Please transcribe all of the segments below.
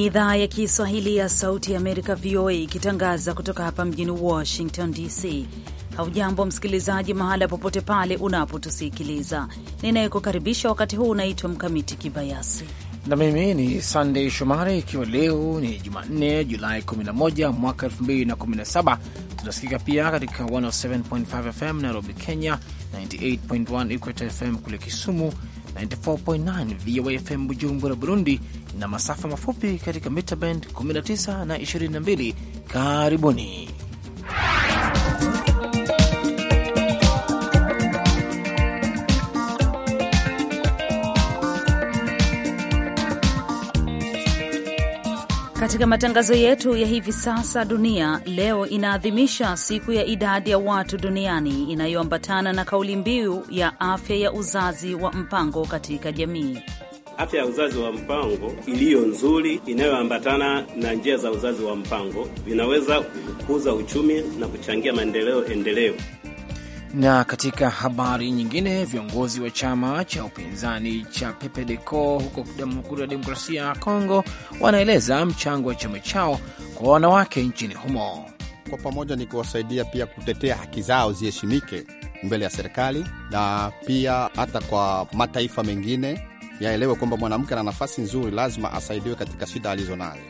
ni idhaa ya Kiswahili ya Sauti ya Amerika, VOA, ikitangaza kutoka hapa mjini Washington DC. Haujambo msikilizaji, mahala popote pale unapotusikiliza. Ninayekukaribisha wakati huu unaitwa Mkamiti Kibayasi na mimi ni Sandey Shomari. Ikiwa leo ni Jumanne, Julai 11 mwaka 2017, tunasikika pia katika 107.5 FM Nairobi, Kenya, 98.1 Equator FM kule Kisumu 94.9 VOA FM Bujumbura, Burundi, na masafa mafupi katika mita band 19 na 22. Karibuni. Katika matangazo yetu ya hivi sasa, dunia leo inaadhimisha siku ya idadi ya watu duniani inayoambatana na kauli mbiu ya afya ya uzazi wa mpango katika jamii. Afya ya uzazi wa mpango iliyo nzuri inayoambatana na njia za uzazi wa mpango vinaweza kukuza uchumi na kuchangia maendeleo endelevu. Na katika habari nyingine, viongozi wa chama cha upinzani cha Pepedeco huko Jamhuri ya Demokrasia ya Kongo wanaeleza mchango wa chama chao kwa wanawake nchini humo. Kwa pamoja ni kuwasaidia pia kutetea haki zao ziheshimike mbele ya serikali na pia hata kwa mataifa mengine, yaelewe kwamba mwanamke ana nafasi nzuri, lazima asaidiwe katika shida alizo nazo.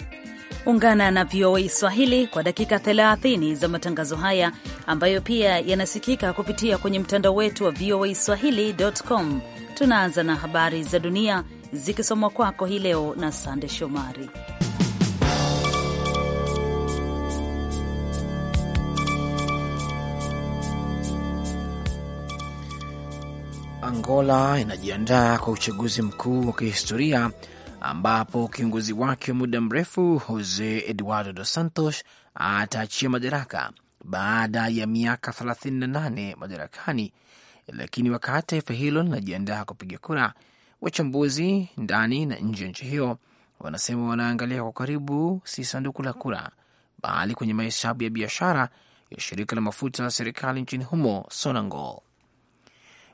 Ungana na VOA Swahili kwa dakika 30 za matangazo haya ambayo pia yanasikika kupitia kwenye mtandao wetu wa VOA Swahili.com. Tunaanza na habari za dunia zikisomwa kwako hii leo na Sande Shomari. Angola inajiandaa kwa uchaguzi mkuu wa kihistoria ambapo kiongozi wake wa muda mrefu Jose Eduardo Dos Santos ataachia madaraka baada ya miaka 38 madarakani. Lakini wakati taifa hilo linajiandaa kupiga kura, wachambuzi ndani na nje ya nchi hiyo wanasema wanaangalia kwa karibu si sanduku la kura, bali kwenye mahesabu ya biashara ya shirika la mafuta la serikali nchini humo Sonangol.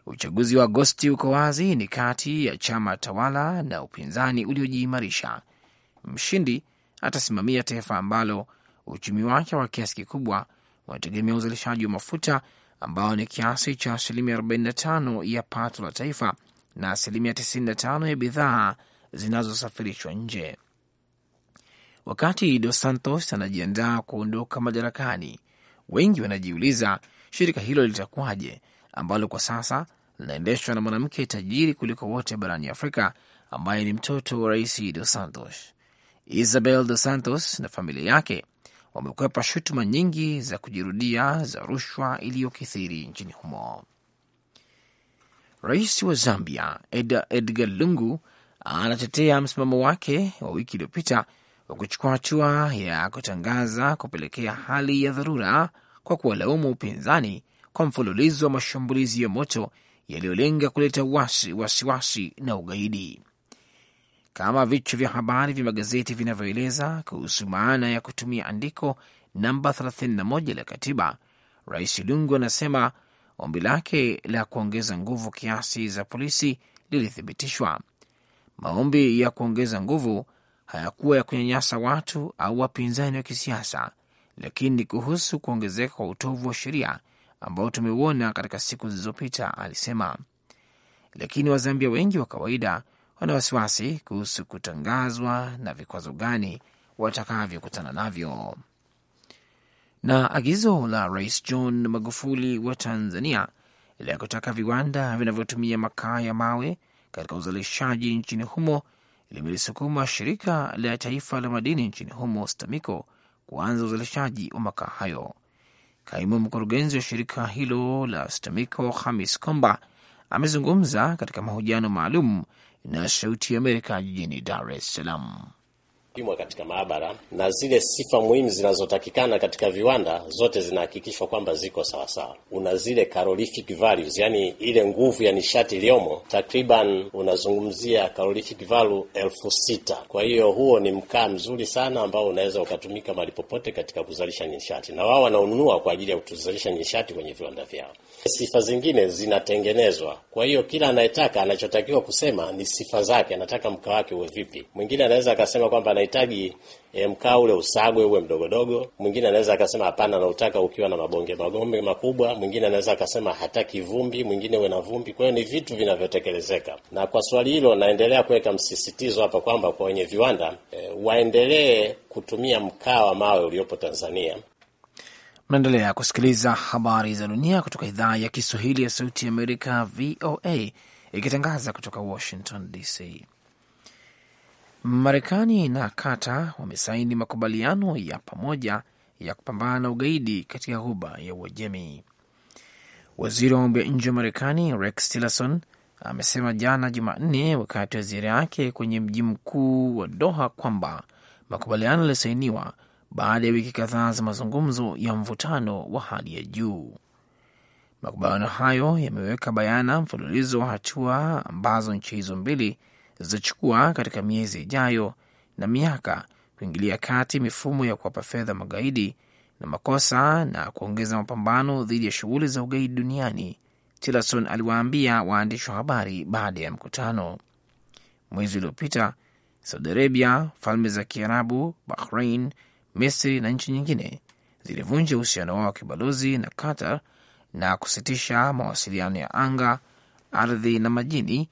Uchaguzi wa Agosti uko wazi, ni kati ya chama tawala na upinzani uliojiimarisha. Mshindi atasimamia taifa ambalo uchumi wake wa kiasi kikubwa unategemea uzalishaji wa mafuta ambao ni kiasi cha asilimia 45 ya pato la taifa na asilimia 95 ya bidhaa zinazosafirishwa nje. Wakati Dos Santos anajiandaa kuondoka madarakani, wengi wanajiuliza shirika hilo litakuwaje, ambalo kwa sasa linaendeshwa na mwanamke tajiri kuliko wote barani Afrika ambaye ni mtoto wa Rais Dos Santos. Isabel Dos Santos na familia yake wamekwepa shutuma nyingi za kujirudia za rushwa iliyokithiri nchini humo. Rais wa Zambia Edgar, Edgar Lungu anatetea msimamo wake wa wiki iliyopita wa kuchukua hatua ya kutangaza kupelekea hali ya dharura kwa kuwalaumu upinzani kwa mfululizo wa mashambulizi ya moto yaliyolenga kuleta wasiwasi wasi na ugaidi. Kama vichwa vya habari vya magazeti vinavyoeleza kuhusu maana ya kutumia andiko namba 31 la katiba, Rais Lungu anasema ombi lake la kuongeza nguvu kiasi za polisi lilithibitishwa. Maombi ya kuongeza nguvu hayakuwa ya kunyanyasa watu au wapinzani wa kisiasa, lakini kuhusu kuongezeka kwa utovu wa sheria ambao tumeuona katika siku zilizopita, alisema. Lakini Wazambia wengi wa kawaida wana wasiwasi kuhusu kutangazwa na vikwazo gani watakavyokutana navyo. Na agizo la Rais John Magufuli wa Tanzania la kutaka viwanda vinavyotumia makaa ya mawe katika uzalishaji nchini humo limelisukuma shirika la taifa la madini nchini humo STAMICO kuanza uzalishaji wa makaa hayo. Kaimu mkurugenzi wa shirika hilo la STAMIKO Hamis Komba amezungumza katika mahojiano maalum na Sauti ya Amerika jijini Dar es Salaam kupimwa katika maabara na zile sifa muhimu zinazotakikana katika viwanda zote zinahakikishwa kwamba ziko sawasawa. Una zile calorific values, yani ile nguvu ya nishati iliyomo, takriban unazungumzia calorific value elfu sita. Kwa hiyo huo ni mkaa mzuri sana ambao unaweza ukatumika mahali popote katika kuzalisha nishati, na wao wanaununua kwa ajili ya kutuzalisha nishati kwenye viwanda vyao. Sifa zingine zinatengenezwa, kwa hiyo kila anayetaka anachotakiwa kusema ni sifa zake, anataka mkaa wake uwe vipi. Mwingine anaweza akasema kwamba unahitaji e, mkaa ule usagwe uwe mdogodogo. Mwingine anaweza akasema hapana, nautaka ukiwa na mabonge magombe makubwa. Mwingine anaweza akasema hataki vumbi, mwingine uwe na vumbi. Kwa hiyo ni vitu vinavyotekelezeka, na kwa swali hilo naendelea kuweka msisitizo hapa kwamba kwa wenye viwanda e, waendelee kutumia mkaa wa mawe uliopo Tanzania. Mnaendelea kusikiliza habari za dunia kutoka idhaa ya Kiswahili ya Sauti ya Amerika, VOA, ikitangaza kutoka Washington DC. Marekani na Kata wamesaini makubaliano ya pamoja ya kupambana na ugaidi katika ghuba ya Uajemi. Waziri wa mambo ya nje wa Marekani Rex Tillerson amesema jana Jumanne wakati wa ziara yake kwenye mji mkuu wa Doha kwamba makubaliano yaliyosainiwa baada ya wiki kadhaa za mazungumzo ya mvutano wa hali ya juu. Makubaliano hayo yameweka bayana mfululizo wa hatua ambazo nchi hizo mbili zitachukua katika miezi ijayo na miaka kuingilia kati mifumo ya kuwapa fedha magaidi na makosa na kuongeza mapambano dhidi ya shughuli za ugaidi duniani, Tillerson aliwaambia waandishi wa habari baada ya mkutano. Mwezi uliopita, Saudi Arabia, Falme za Kiarabu, Bahrain, Misri na nchi nyingine zilivunja uhusiano wao wa kibalozi na Qatar na kusitisha mawasiliano ya anga, ardhi na majini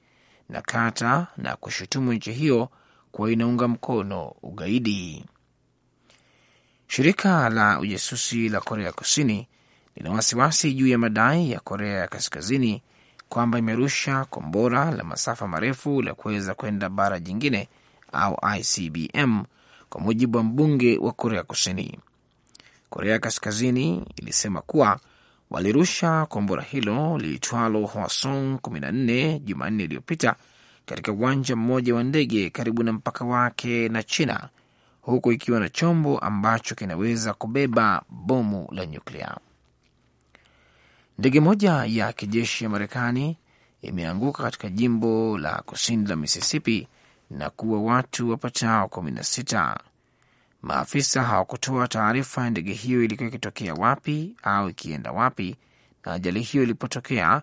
na kata na kushutumu nchi hiyo kuwa inaunga mkono ugaidi. Shirika la ujasusi la Korea Kusini lina wasiwasi juu ya madai ya Korea ya Kaskazini kwamba imerusha kombora la masafa marefu la kuweza kwenda bara jingine au ICBM, kwa mujibu wa mbunge wa Korea Kusini. Korea Kaskazini ilisema kuwa walirusha kombora hilo liitwalo Hwasong 14 Jumanne iliyopita katika uwanja mmoja wa ndege karibu na mpaka wake na China, huku ikiwa na chombo ambacho kinaweza kubeba bomu la nyuklia. Ndege moja ya kijeshi ya Marekani imeanguka katika jimbo la kusini la Mississippi na kuwa watu wapatao sita Maafisa hawakutoa taarifa ya ndege hiyo ilikuwa ikitokea wapi au ikienda wapi, na ajali hiyo ilipotokea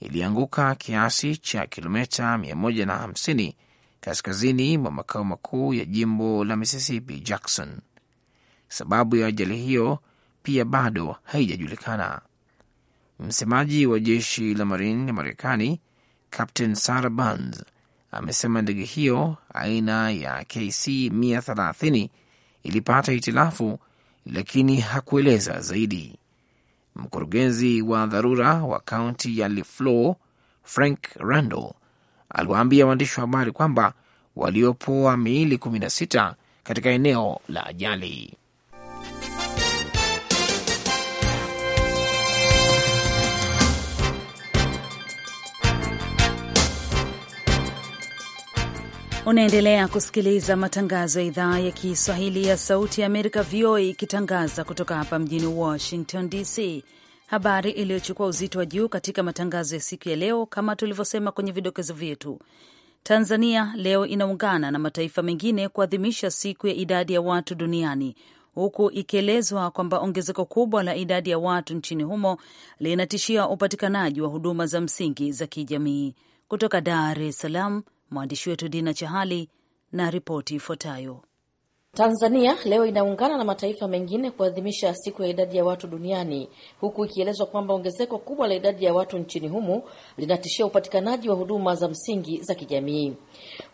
ilianguka kiasi cha kilomita 150 kaskazini mwa makao makuu ya jimbo la Mississippi, Jackson. Sababu ya ajali hiyo pia bado haijajulikana. Msemaji wa jeshi la Marine ya Marekani, Captain Sarah Burns, amesema ndege hiyo aina ya KC 130 ilipata hitilafu, lakini hakueleza zaidi. Mkurugenzi wa dharura wa kaunti ya Liflo, Frank Randall, aliwaambia waandishi wa habari kwamba waliopoa miili 16 katika eneo la ajali. Unaendelea kusikiliza matangazo ya idhaa ya Kiswahili ya Sauti ya Amerika, VOA, ikitangaza kutoka hapa mjini Washington DC. Habari iliyochukua uzito wa juu katika matangazo ya siku ya leo, kama tulivyosema kwenye vidokezo vyetu, Tanzania leo inaungana na mataifa mengine kuadhimisha siku ya idadi ya watu duniani huku ikielezwa kwamba ongezeko kubwa la idadi ya watu nchini humo linatishia upatikanaji wa huduma za msingi za kijamii. Kutoka Dar es Salaam, Mwandishi wetu Dina Chahali na ripoti ifuatayo. Tanzania leo inaungana na mataifa mengine kuadhimisha siku ya idadi ya watu duniani huku ikielezwa kwamba ongezeko kubwa la idadi ya watu nchini humo linatishia upatikanaji wa huduma za msingi za kijamii,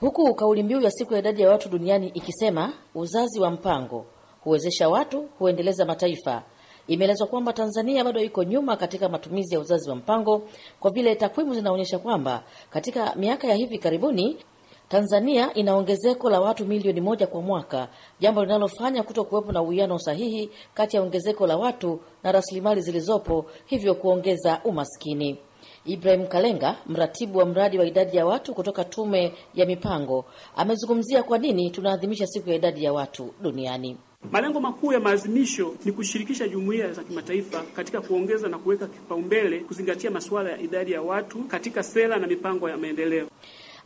huku kauli mbiu ya siku ya idadi ya watu duniani ikisema uzazi wa mpango huwezesha watu, huendeleza mataifa Imeelezwa kwamba Tanzania bado iko nyuma katika matumizi ya uzazi wa mpango kwa vile takwimu zinaonyesha kwamba katika miaka ya hivi karibuni Tanzania ina ongezeko la watu milioni moja kwa mwaka, jambo linalofanya kuto kuwepo na uwiano sahihi kati ya ongezeko la watu na rasilimali zilizopo, hivyo kuongeza umaskini. Ibrahim Kalenga, mratibu wa mradi wa idadi ya watu kutoka Tume ya Mipango, amezungumzia kwa nini tunaadhimisha siku ya idadi ya watu duniani. Malengo makuu ya maazimisho ni kushirikisha jumuiya za kimataifa katika kuongeza na kuweka kipaumbele kuzingatia masuala ya idadi ya watu katika sera na mipango ya maendeleo.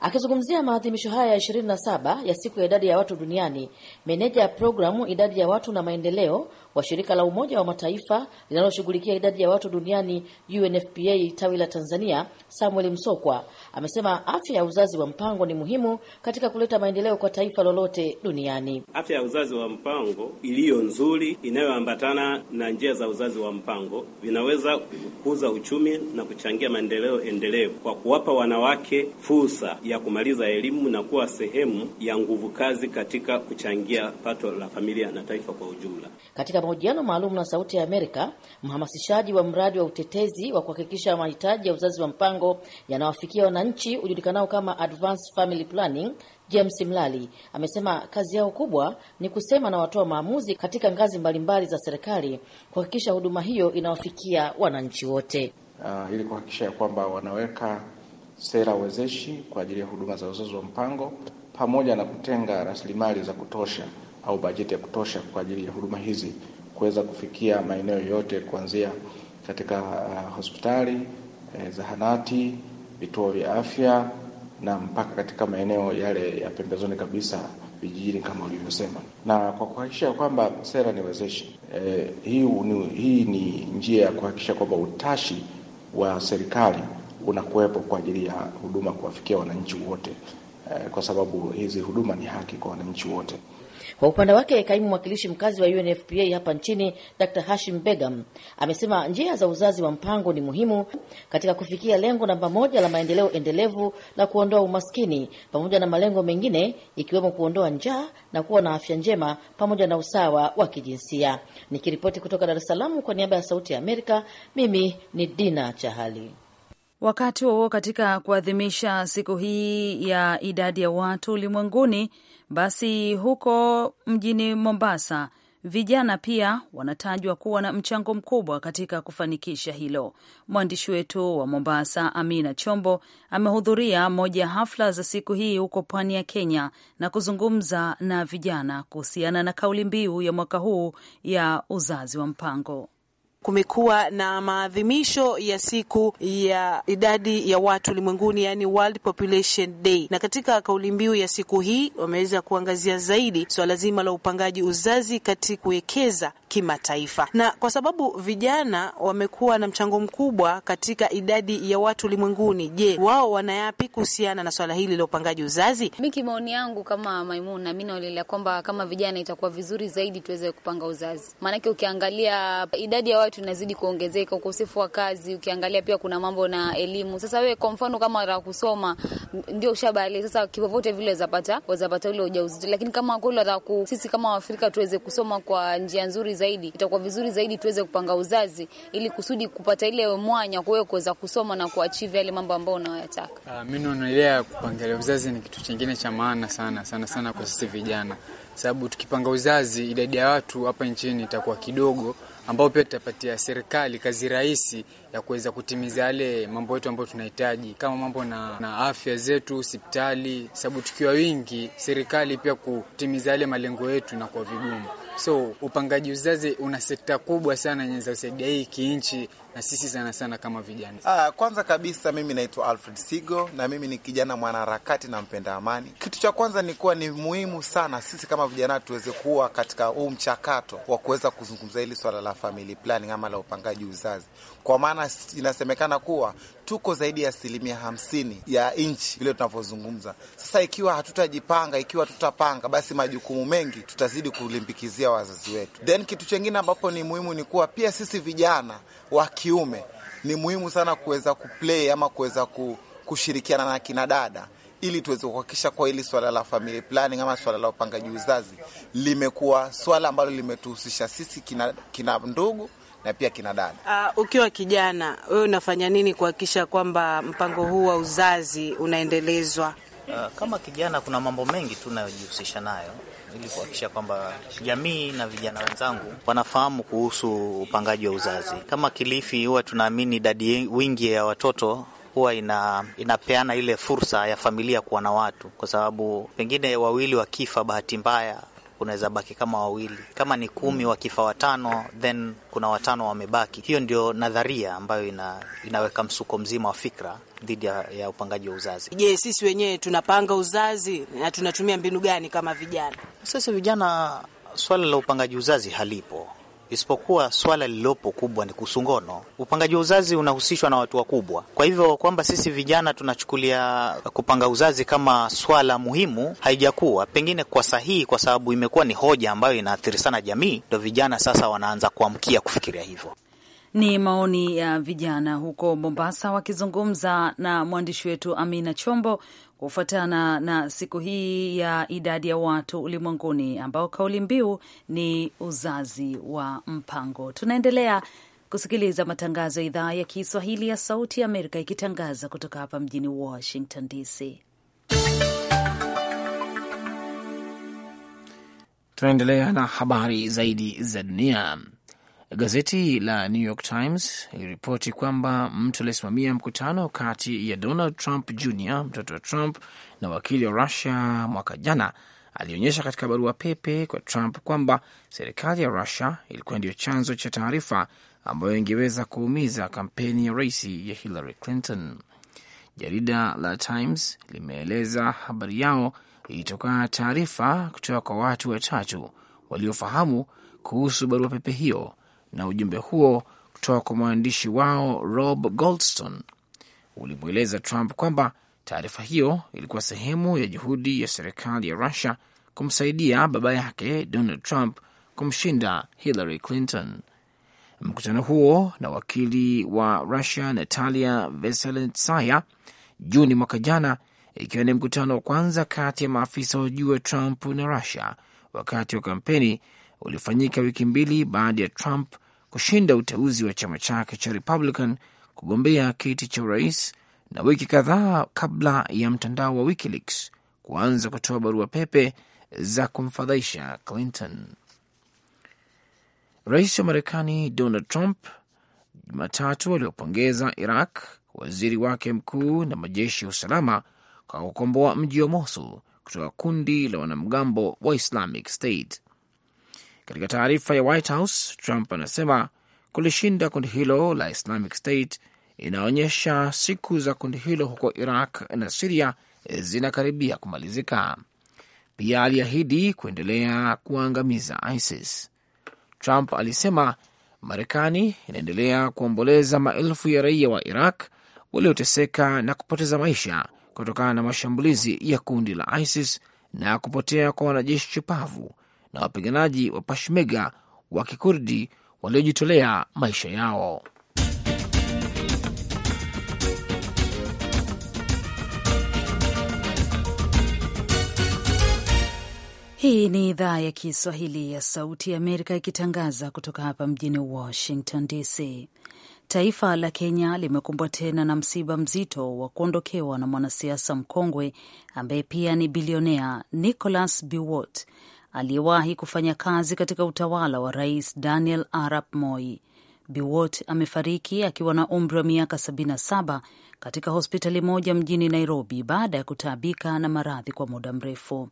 Akizungumzia maadhimisho haya ya 27 ya siku ya idadi ya watu duniani, meneja ya programu idadi ya watu na maendeleo wa shirika la Umoja wa Mataifa linaloshughulikia idadi ya watu duniani UNFPA tawi la Tanzania, Samuel Msokwa amesema afya ya uzazi wa mpango ni muhimu katika kuleta maendeleo kwa taifa lolote duniani. Afya ya uzazi wa mpango iliyo nzuri inayoambatana na njia za uzazi wa mpango vinaweza kukuza uchumi na kuchangia maendeleo endelevu kwa kuwapa wanawake fursa ya kumaliza elimu na kuwa sehemu ya nguvu kazi katika kuchangia pato la familia na taifa kwa ujumla. Katika mahojiano maalum na Sauti ya Amerika, mhamasishaji wa mradi wa utetezi wa kuhakikisha mahitaji ya uzazi wa mpango yanawafikia wananchi ujulikanao kama Advanced Family Planning, James Mlali amesema kazi yao kubwa ni kusema na watoa maamuzi katika ngazi mbalimbali za serikali kuhakikisha huduma hiyo inawafikia wananchi wote, uh, ili kuhakikisha ya kwamba wanaweka sera wezeshi kwa ajili ya huduma za uzazi wa mpango pamoja na kutenga rasilimali za kutosha au bajeti ya kutosha kwa ajili ya huduma hizi kuweza kufikia maeneo yote kuanzia katika uh, hospitali eh, zahanati, vituo vya afya na mpaka katika maeneo yale ya pembezoni kabisa vijijini kama ulivyosema, na kwa kuhakikisha kwamba sera ni wezeshi. Eh, hii, hii ni njia ya kuhakikisha kwamba utashi wa serikali unakuwepo kwa ajili ya huduma kuwafikia wananchi wote, eh, kwa sababu hizi huduma ni haki kwa wananchi wote. Kwa upande wake kaimu mwakilishi mkazi wa UNFPA hapa nchini Dr. Hashim Begam amesema njia za uzazi wa mpango ni muhimu katika kufikia lengo namba moja la maendeleo endelevu la kuondoa umaskini pamoja na malengo mengine ikiwemo kuondoa njaa na kuwa na afya njema pamoja na usawa wa kijinsia. Nikiripoti kutoka Dar es Salaam kwa niaba ya Sauti ya Amerika, mimi ni Dina Chahali. Wakati huo katika kuadhimisha siku hii ya idadi ya watu ulimwenguni basi huko mjini Mombasa, vijana pia wanatajwa kuwa na mchango mkubwa katika kufanikisha hilo. Mwandishi wetu wa Mombasa, Amina Chombo, amehudhuria moja ya hafla za siku hii huko pwani ya Kenya na kuzungumza na vijana kuhusiana na kauli mbiu ya mwaka huu ya uzazi wa mpango kumekuwa na maadhimisho ya siku ya idadi ya watu ulimwenguni, yani World Population Day, na katika kauli mbiu ya siku hii wameweza kuangazia zaidi swala so zima la upangaji uzazi kati kuwekeza kimataifa, na kwa sababu vijana wamekuwa na mchango mkubwa katika idadi ya watu ulimwenguni, je, wao wanayapi kuhusiana na swala hili la upangaji uzazi? Mi kimaoni yangu kama Maimuna, mi naolelea kwamba kama vijana itakuwa vizuri zaidi tuweze kupanga uzazi, maanake ukiangalia idadi ya watu watu inazidi kuongezeka, ukosefu wa kazi. Ukiangalia pia kuna mambo na elimu. Sasa wewe kwa mfano kama unataka kusoma ndio ushabali, sasa kivyovyote vile wazapata wazapata ule ujauzito, lakini kama kweli wataku sisi kama Waafrika tuweze kusoma kwa njia nzuri zaidi, itakuwa vizuri zaidi tuweze kupanga uzazi ili kusudi kupata ile mwanya kwa wewe kuweza kusoma na kuachieve yale mambo ambayo unayoyataka. Uh, mimi naonelea uzazi ni kitu chingine cha maana sana sana sana kwa sisi vijana sababu tukipanga uzazi idadi ya watu hapa nchini itakuwa kidogo, ambao pia tutapatia serikali kazi rahisi ya kuweza kutimiza yale mambo yetu ambayo tunahitaji kama mambo na, na afya zetu, hospitali, sababu tukiwa wingi, serikali pia kutimiza yale malengo yetu na kwa vigumu. So upangaji uzazi una sekta kubwa sana yenye zasaidia hii kinchi na sisi sana sana kama vijana? Ah, kwanza kabisa mimi naitwa Alfred Sigo na mimi ni kijana mwanaharakati na mpenda amani. Kitu cha kwanza ni kuwa ni muhimu sana sisi kama vijana tuweze kuwa katika huu mchakato wa kuweza kuzungumza hili swala la family planning ama la upangaji uzazi, kwa maana inasemekana kuwa tuko zaidi ya asilimia hamsini ya nchi vile tunavyozungumza sasa. Ikiwa hatutajipanga, ikiwa tutapanga, basi majukumu mengi tutazidi kulimbikizia wazazi wetu. Then kitu chengine ambapo ni muhimu ni kuwa pia sisi vijana waki kiume ni muhimu sana kuweza kuplay ama kuweza kushirikiana na kina dada ili tuweze kuhakikisha kwa hili swala la family planning ama swala la upangaji uzazi limekuwa swala ambalo limetuhusisha sisi kina, kina ndugu na pia kina dada. Uh, ukiwa kijana wewe unafanya nini kuhakikisha kwamba mpango huu wa uzazi unaendelezwa? Uh, kama kijana kuna mambo mengi tunayojihusisha nayo ili kuhakikisha kwamba jamii na vijana wenzangu wanafahamu kuhusu upangaji wa uzazi. Kama Kilifi, huwa tunaamini idadi wingi ya watoto huwa ina, inapeana ile fursa ya familia kuwa na watu, kwa sababu pengine wawili wakifa bahati mbaya kunaweza baki kama wawili, kama ni kumi wakifa watano, then kuna watano wamebaki. Hiyo ndio nadharia ambayo ina, inaweka msuko mzima wa fikra dhidi ya, ya upangaji wa uzazi. Je, sisi wenyewe tunapanga uzazi na tunatumia mbinu gani kama vijana? Sasa vijana, swala la upangaji uzazi halipo isipokuwa swala lililopo kubwa ni kusungono. Upangaji wa uzazi unahusishwa na watu wakubwa, kwa hivyo kwamba sisi vijana tunachukulia kupanga uzazi kama swala muhimu haijakuwa pengine kwa sahihi, kwa sababu imekuwa ni hoja ambayo inaathiri sana jamii, ndo vijana sasa wanaanza kuamkia kufikiria hivyo. Ni maoni ya vijana huko Mombasa wakizungumza na mwandishi wetu Amina Chombo kufuatana na siku hii ya idadi ya watu ulimwenguni, ambao kauli mbiu ni uzazi wa mpango. Tunaendelea kusikiliza matangazo ya idhaa ya Kiswahili ya Sauti ya Amerika ikitangaza kutoka hapa mjini Washington DC. Tunaendelea na habari zaidi za dunia. Gazeti la New York Times iliripoti kwamba mtu aliyesimamia mkutano kati ya Donald Trump Jr, mtoto wa Trump, na wakili wa Rusia mwaka jana alionyesha katika barua pepe kwa Trump kwamba serikali ya Rusia ilikuwa ndiyo chanzo cha taarifa ambayo ingeweza kuumiza kampeni ya rais ya Hillary Clinton. Jarida la Times limeeleza habari yao ilitokana taarifa kutoka kwa watu watatu waliofahamu kuhusu barua pepe hiyo na ujumbe huo kutoka kwa mwandishi wao Rob Goldstone ulimweleza Trump kwamba taarifa hiyo ilikuwa sehemu ya juhudi ya serikali ya Russia kumsaidia baba yake Donald Trump kumshinda Hillary Clinton. Mkutano huo na wakili wa Russia Natalia Veselensaya Juni mwaka jana, ikiwa ni mkutano wa kwanza kati ya maafisa wa juu wa Trump na Russia wakati wa kampeni, ulifanyika wiki mbili baada ya Trump kushinda uteuzi wa chama chake cha Republican kugombea kiti cha urais, na wiki kadhaa kabla ya mtandao wa WikiLeaks kuanza kutoa barua pepe za kumfadhaisha Clinton. Rais wa Marekani Donald Trump Jumatatu aliopongeza Iraq, waziri wake mkuu na majeshi ya usalama kwa kukomboa mji wa Mosul kutoka kundi la wanamgambo wa Islamic State. Katika taarifa ya White House, Trump anasema kulishinda kundi hilo la Islamic State inaonyesha siku za kundi hilo huko Iraq na Siria zinakaribia kumalizika. Pia aliahidi kuendelea kuangamiza ISIS. Trump alisema Marekani inaendelea kuomboleza maelfu ya raia wa Iraq walioteseka na kupoteza maisha kutokana na mashambulizi ya kundi la ISIS na kupotea kwa wanajeshi chupavu na wapiganaji wa Peshmerga wa Kikurdi waliojitolea maisha yao. Hii ni idhaa ya Kiswahili ya Sauti ya Amerika ikitangaza kutoka hapa mjini Washington DC. Taifa la Kenya limekumbwa tena na msiba mzito wa kuondokewa na mwanasiasa mkongwe ambaye pia ni bilionea Nicholas Biwot aliyewahi kufanya kazi katika utawala wa Rais Daniel Arap Moi. Biwot amefariki akiwa na umri wa miaka 77 katika hospitali moja mjini Nairobi baada ya kutaabika na maradhi kwa muda mrefu.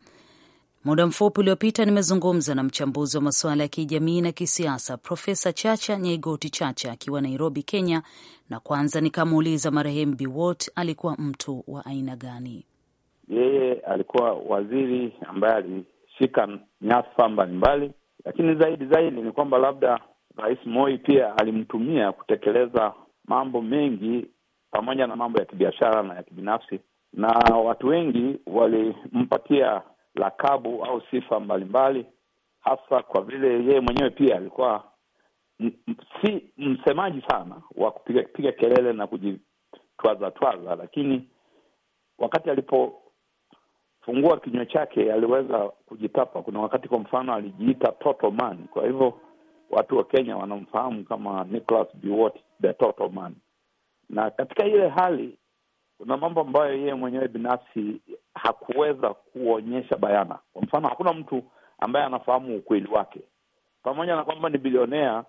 Muda mfupi uliopita nimezungumza na mchambuzi wa masuala ya kijamii na kisiasa Profesa Chacha Nyaigoti Chacha akiwa Nairobi, Kenya, na kwanza nikamuuliza marehemu Biwot alikuwa mtu wa aina gani. Yeye alikuwa waziri ambaye kushika nyafa mbalimbali, lakini zaidi zaidi ni kwamba labda Rais Moi pia alimtumia kutekeleza mambo mengi pamoja na mambo ya kibiashara na ya kibinafsi, na watu wengi walimpatia lakabu au sifa mbalimbali, hasa kwa vile yeye mwenyewe pia alikuwa si msemaji sana wa kupiga kelele na kujitwaza twaza, lakini wakati alipo fungua kinywa chake aliweza kujitapa. Kuna wakati kwa mfano alijiita Toto Man, kwa hivyo watu wa Kenya wanamfahamu kama Nicholas Biwott the Toto Man. Na katika ile hali kuna mambo ambayo yeye mwenyewe binafsi hakuweza kuonyesha bayana. Kwa mfano, hakuna mtu ambaye anafahamu ukweli wake. Pamoja na kwamba ni bilionea,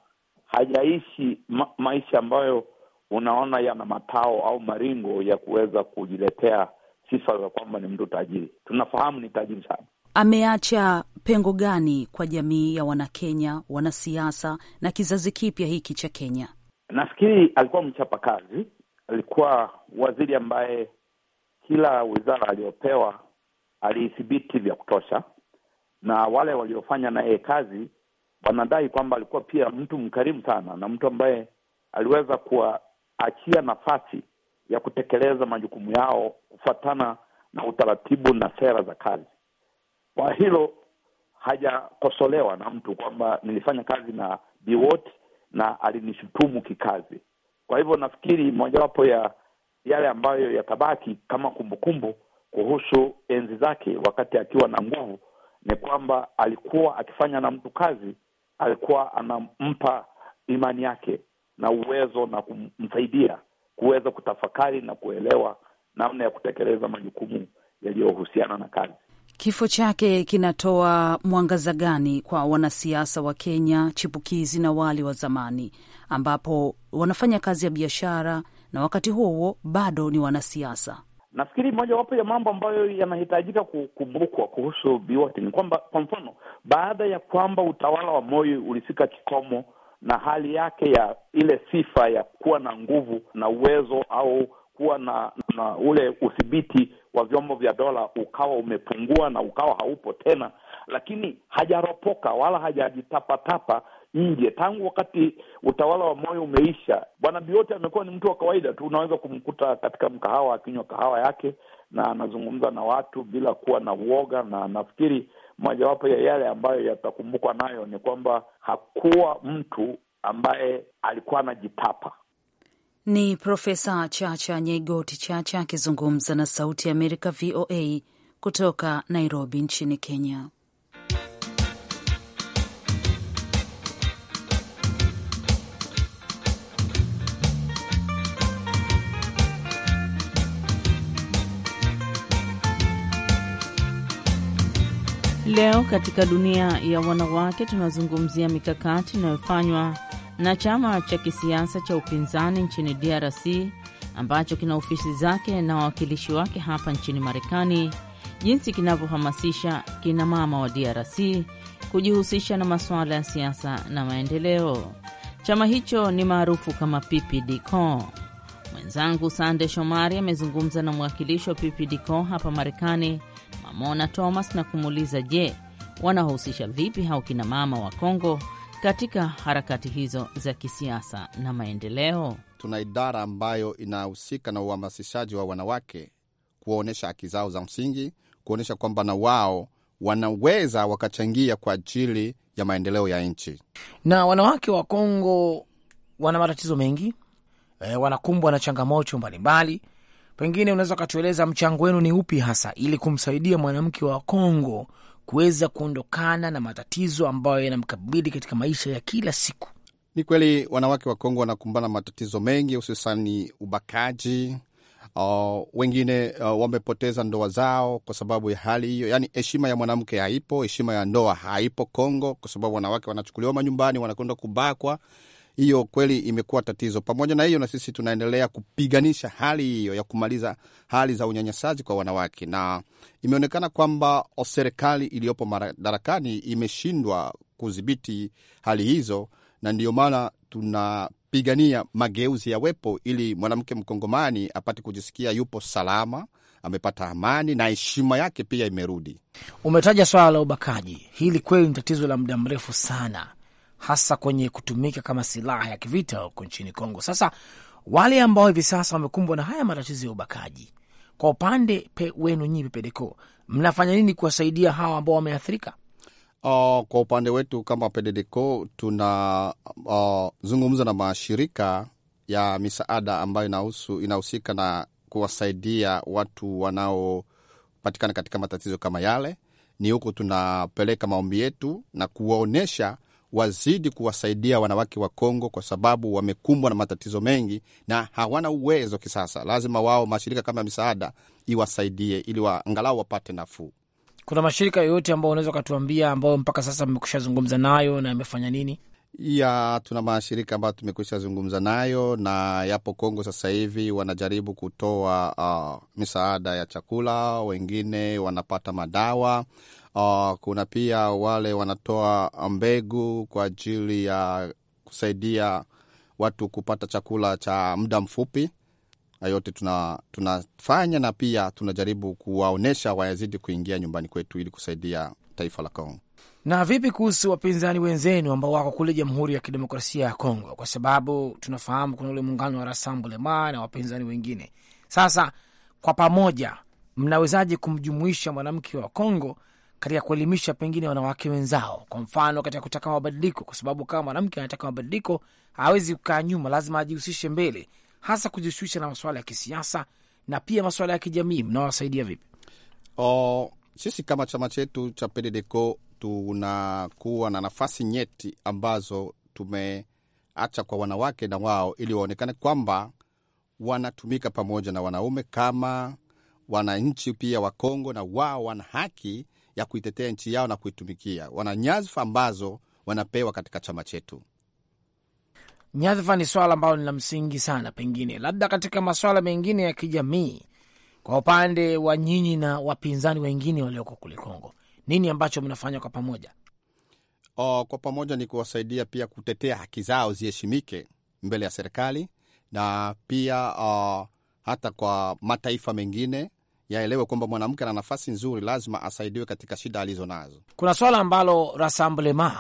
hajaishi ma maisha ambayo unaona yana matao au maringo ya kuweza kujiletea sifa ya kwamba ni mtu tajiri. Tunafahamu ni tajiri sana. Ameacha pengo gani kwa jamii ya Wanakenya, wanasiasa na kizazi kipya hiki cha Kenya? Nafikiri alikuwa mchapakazi, alikuwa waziri ambaye kila wizara aliyopewa aliithibiti vya kutosha, na wale waliofanya naye kazi wanadai kwamba alikuwa pia mtu mkarimu sana na mtu ambaye aliweza kuwaachia nafasi ya kutekeleza majukumu yao kufuatana na utaratibu na sera za kazi. Kwa hilo hajakosolewa na mtu kwamba nilifanya kazi na Biwot na alinishutumu kikazi. Kwa hivyo nafikiri mojawapo ya yale ambayo yatabaki kama kumbukumbu kuhusu enzi zake wakati akiwa na nguvu ni kwamba alikuwa akifanya na mtu kazi, alikuwa anampa imani yake na uwezo na kumsaidia kuweza kutafakari na kuelewa namna ya kutekeleza majukumu yaliyohusiana na kazi. Kifo chake kinatoa mwangaza gani kwa wanasiasa wa Kenya chipukizi na wale wa zamani, ambapo wanafanya kazi ya biashara na wakati huo huo bado ni wanasiasa? Nafikiri mojawapo ya mambo ambayo yanahitajika kukumbukwa kuhusu Biwott ni kwamba, kwa mfano, baada ya kwamba utawala wa Moi ulifika kikomo na hali yake ya ile sifa ya kuwa na nguvu na uwezo au kuwa na, na ule udhibiti wa vyombo vya dola ukawa umepungua na ukawa haupo tena, lakini hajaropoka wala hajajitapatapa nje. Tangu wakati utawala wa moyo umeisha, Bwana bioti amekuwa ni mtu wa kawaida tu. Unaweza kumkuta katika mkahawa akinywa kahawa yake na anazungumza na watu bila kuwa na uoga, na nafikiri mojawapo ya yale ambayo yatakumbukwa nayo ni kwamba hakuwa mtu ambaye alikuwa anajitapa. Ni Profesa Chacha nyeigoti Chacha akizungumza na Sauti ya Amerika VOA kutoka Nairobi nchini Kenya. Leo katika dunia ya wanawake tunazungumzia mikakati inayofanywa na chama cha kisiasa cha upinzani nchini DRC ambacho kina ofisi zake na wawakilishi wake hapa nchini Marekani, jinsi kinavyohamasisha kina mama wa DRC kujihusisha na masuala ya siasa na maendeleo. Chama hicho ni maarufu kama PPDCO. Mwenzangu Sande Shomari amezungumza na mwakilishi wa PPDCO hapa Marekani Mamona Thomas na kumuuliza je, wanahusisha vipi hao kina mama wa Kongo katika harakati hizo za kisiasa na maendeleo. Tuna idara ambayo inahusika na uhamasishaji wa wanawake, kuwaonyesha haki zao za msingi, kuonyesha kwamba na wao wanaweza wakachangia kwa ajili ya maendeleo ya nchi. Na wanawake wa Kongo wana matatizo mengi e, wanakumbwa na changamoto mbalimbali, pengine unaweza ukatueleza mchango wenu ni upi hasa, ili kumsaidia mwanamke wa Kongo kuweza kuondokana na matatizo ambayo yanamkabili katika maisha ya kila siku? Ni kweli wanawake wa Kongo wanakumbana na matatizo mengi, hususani ubakaji. Uh, wengine uh, wamepoteza ndoa zao kwa sababu ya hali hiyo. yani heshima ya mwanamke haipo, heshima ya ndoa haipo Kongo, kwa sababu wanawake wanachukuliwa manyumbani, wanakwenda kubakwa hiyo kweli imekuwa tatizo. Pamoja na hiyo, na sisi tunaendelea kupiganisha hali hiyo ya kumaliza hali za unyanyasaji kwa wanawake, na imeonekana kwamba serikali iliyopo madarakani imeshindwa kudhibiti hali hizo, na ndiyo maana tunapigania mageuzi yawepo, ili mwanamke mkongomani apate kujisikia yupo salama, amepata amani na heshima yake pia imerudi. Umetaja swala la ubakaji, hili kweli ni tatizo la muda mrefu sana hasa kwenye kutumika kama silaha ya kivita huko nchini Kongo. Sasa wale ambao hivi sasa wamekumbwa na haya matatizo ya ubakaji, kwa upande pe wenu nyinyi Pedeco, mnafanya nini kuwasaidia hawa ambao wameathirika? Uh, kwa upande wetu kama Pedeco tunazungumza ah, uh, na mashirika ya misaada ambayo inahusu inahusika na kuwasaidia watu wanaopatikana katika matatizo kama yale. Ni huko tunapeleka maombi yetu na kuwaonyesha wazidi kuwasaidia wanawake wa Kongo kwa sababu wamekumbwa na matatizo mengi na hawana uwezo kisasa. Lazima wao mashirika kama misaada iwasaidie ili wa, angalau wapate nafuu. Kuna mashirika yoyote ambayo unaweza ukatuambia ambayo mpaka sasa mmekusha zungumza nayo na yamefanya nini? ya tuna mashirika ambayo tumekwisha zungumza nayo na yapo Kongo sasa hivi, wanajaribu kutoa uh, misaada ya chakula, wengine wanapata madawa, Uh, kuna pia wale wanatoa mbegu kwa ajili ya kusaidia watu kupata chakula cha muda mfupi. Yote tuna, tunafanya na pia tunajaribu kuwaonyesha wayazidi kuingia nyumbani kwetu ili kusaidia taifa la Kongo. Na vipi kuhusu wapinzani wenzenu ambao wako kule Jamhuri ya Kidemokrasia ya Kongo? Kwa sababu tunafahamu kuna ule muungano wa Rassemblement na wapinzani wengine. Sasa kwa pamoja mnawezaje kumjumuisha mwanamke wa Kongo katika kuelimisha pengine wanawake wenzao, kwa mfano katika kutaka mabadiliko, kwa sababu kama mwanamke anataka mabadiliko hawezi kukaa nyuma, lazima ajihusishe mbele, hasa kujihusisha na masuala ya kisiasa na pia masuala ya kijamii. Mnawasaidia vipi? Oh, sisi kama chama chetu cha PDDCO tunakuwa na nafasi nyeti ambazo tumeacha kwa wanawake na wao, ili waonekane kwamba wanatumika pamoja na wanaume kama wananchi pia wa Kongo, na wao wana haki ya kuitetea nchi yao na kuitumikia. Wana nyadhifa ambazo wanapewa katika chama chetu. Nyadhifa ni swala ambalo ni la msingi sana. Pengine labda katika maswala mengine ya kijamii, kwa upande wa nyinyi na wapinzani wengine walioko kule Kongo, nini ambacho mnafanya kwa pamoja? O, kwa pamoja ni kuwasaidia pia kutetea haki zao ziheshimike mbele ya serikali na pia o, hata kwa mataifa mengine yaelewe kwamba mwanamke ana nafasi nzuri, lazima asaidiwe katika shida alizo nazo. Kuna swala ambalo Rassemblement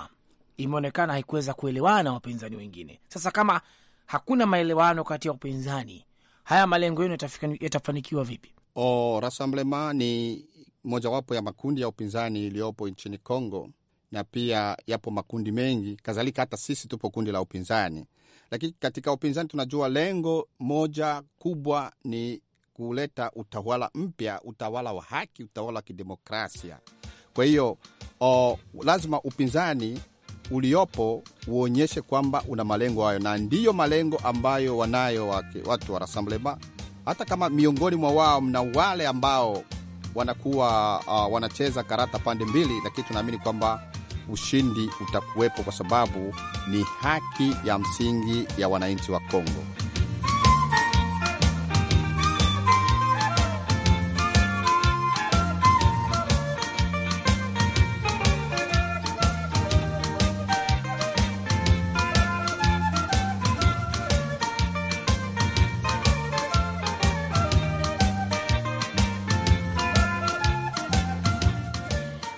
imeonekana haikuweza kuelewana na wapinzani wengine. Sasa kama hakuna maelewano kati ya upinzani, haya malengo yenu yatafanikiwa vipi? O, Rassemblement ni mojawapo ya makundi ya upinzani iliyopo nchini congo na pia yapo makundi mengi kadhalika. Hata sisi tupo kundi la upinzani, lakini katika upinzani tunajua lengo moja kubwa ni kuleta utawala mpya, utawala wa haki, utawala wa kidemokrasia. Kwa hiyo lazima upinzani uliopo uonyeshe kwamba una malengo hayo, na ndiyo malengo ambayo wanayo wake, watu wa Rassemblement. Hata kama miongoni mwa wao mna wale ambao wanakuwa uh, wanacheza karata pande mbili, lakini tunaamini kwamba ushindi utakuwepo kwa sababu ni haki ya msingi ya wananchi wa Kongo.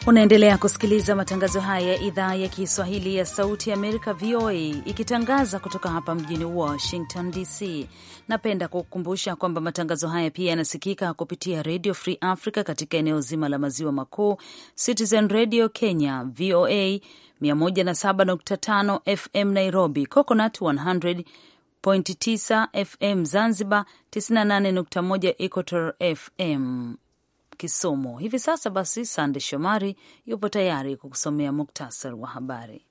Unaendelea kusikiliza matangazo haya ya idhaa ya Kiswahili ya Sauti ya Amerika, VOA, ikitangaza kutoka hapa mjini Washington DC. Napenda kukukumbusha kwamba matangazo haya pia yanasikika kupitia Radio Free Africa katika eneo zima la maziwa makuu, Citizen Radio Kenya, VOA 107.5 FM Nairobi, Coconut .9 FM Zanzibar, 98.1 Equator FM Kisumu hivi sasa. Basi Sande Shomari yupo tayari kukusomea muktasari wa habari.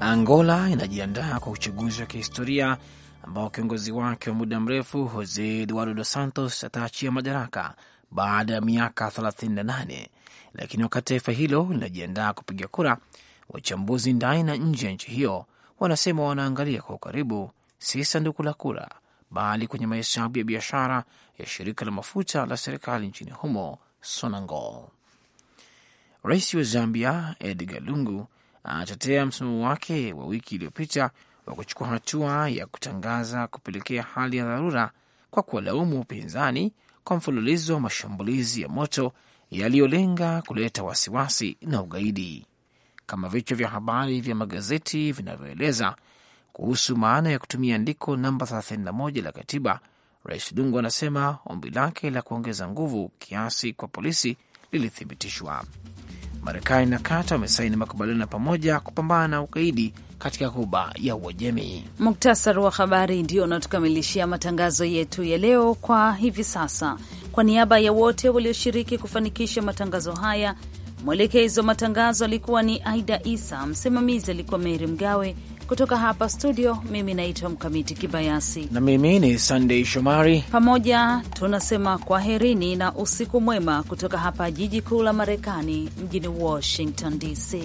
Angola inajiandaa kwa uchaguzi wa kihistoria ambao kiongozi wake wa muda mrefu Jose Eduardo Dos Santos ataachia madaraka baada ya miaka 38, lakini wakati taifa hilo linajiandaa kupiga kura, wachambuzi ndani na nje ya nchi hiyo wanasema wanaangalia kwa ukaribu si sanduku la kura, bali kwenye mahesabu ya biashara ya shirika la mafuta la serikali nchini humo Sonangol. Rais wa Zambia Edgar Lungu anatetea msimamo wake wa wiki iliyopita wa kuchukua hatua ya kutangaza kupelekea hali ya dharura kwa kuwalaumu upinzani kwa mfululizo wa mashambulizi ya moto yaliyolenga kuleta wasiwasi na ugaidi. Kama vichwa vya habari vya magazeti vinavyoeleza, kuhusu maana ya kutumia andiko namba 31 la katiba, Rais Lungu anasema ombi lake la kuongeza nguvu kiasi kwa polisi lilithibitishwa. Marekani na Kata wamesaini makubaliano ya pamoja kupambana na ugaidi katika Ghuba ya Uajemi. Muktasari wa habari ndio unatukamilishia matangazo yetu ya leo kwa hivi sasa. Kwa niaba ya wote walioshiriki kufanikisha matangazo haya, mwelekezi wa matangazo alikuwa ni Aida Isa, msimamizi alikuwa Meri Mgawe. Kutoka hapa studio, mimi naitwa Mkamiti Kibayasi na mimi ni sandey Shomari. Pamoja tunasema kwaherini na usiku mwema kutoka hapa jiji kuu la Marekani, mjini Washington DC.